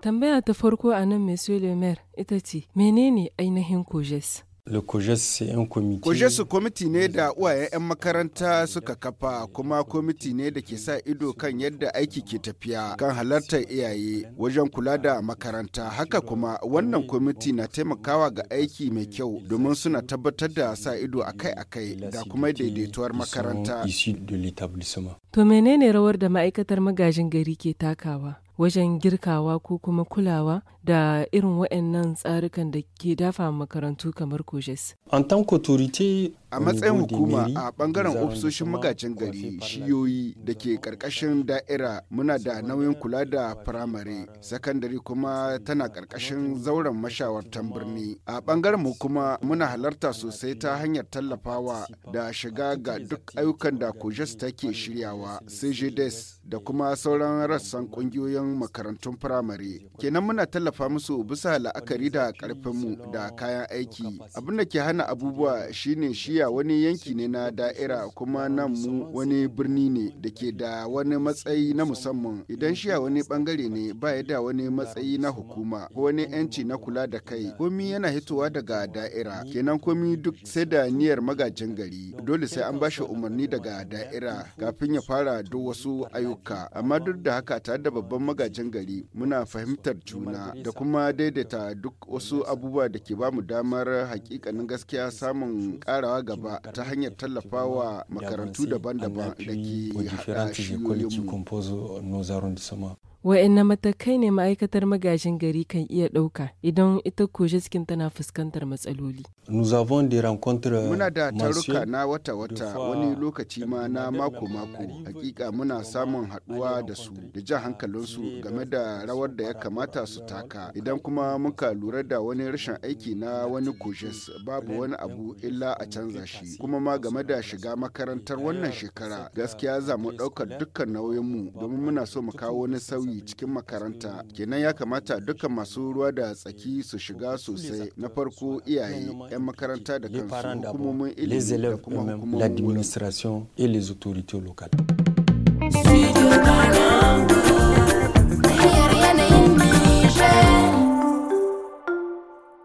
Tambaya ta farko a nan Monsieur Le Maire ita ce, menene ainihin COGES? Kojesu kwamiti ne da uwayen 'yan makaranta suka kafa kuma kwamiti ne da ke sa ido kan yadda aiki ke tafiya kan halartar iyaye wajen kula da makaranta haka kuma wannan kwamiti na taimakawa ga aiki mai kyau domin suna tabbatar da sa ido akai-akai da kuma daidaituwar makaranta. To menene rawar da ma'aikatar magajin gari ke takawa? wajen girkawa ko kuma kulawa da irin waɗannan tsarukan da ke dafa makarantu kamar kojes. An tan a matsayin hukuma a bangaren ofisoshin magajin gari shiyoyi da ke karkashin da'ira muna da nauyin kula da firamare sakandare kuma tana karkashin zauren mashawartan birni a bangaren hukuma, muna halarta sosai ta hanyar tallafawa da shiga ga duk ayyukan da kojes take shiryawa cgds da kuma sauran rassan kungiyoyin makarantun firamare kenan muna tallafa musu bisa la'akari da karfinmu da kayan aiki abin da ke hana abubuwa shine shi Najeriya wani yanki ne na da'ira kuma nan mu wani birni ne da ke da wani matsayi na musamman idan shiya wani bangare ne ba ya da wani matsayi na hukuma ko wani yanci na kula da kai komi yana hitowa daga da'ira kenan komi duk sai da niyyar magajin gari dole sai an bashi umarni daga da'ira kafin ya fara duk wasu ayyuka amma duk da haka tare da babban magajin gari muna fahimtar juna da kuma daidaita duk wasu abubuwa da ke bamu damar hakikanin gaskiya samun karawa gaba ta hanyar tallafawa makarantu daban-daban da ke haɗa shiyoyinmu. Wa'anne matakai ne ma'aikatar magajin gari kan iya ɗauka idan ita kojiskin tana fuskantar matsaloli? Muna da taruka na wata-wata wani lokaci ma na mako-mako. Hakika muna samun haɗuwa da su da ja hankalinsu game da rawar da ya kamata su taka. Idan kuma muka lura da wani rashin aiki na wani koshes babu wani abu illa a canza shi. Kuma ma game da shiga makarantar wannan shekara gaskiya za mu ɗaukar dukkan nauyinmu domin muna so mu kawo wani sauyi addini cikin makaranta kenan ya kamata dukkan masu ruwa da tsaki su shiga sosai na farko iyaye 'yan makaranta da kansu hukumomin ilimi da kuma hukumomin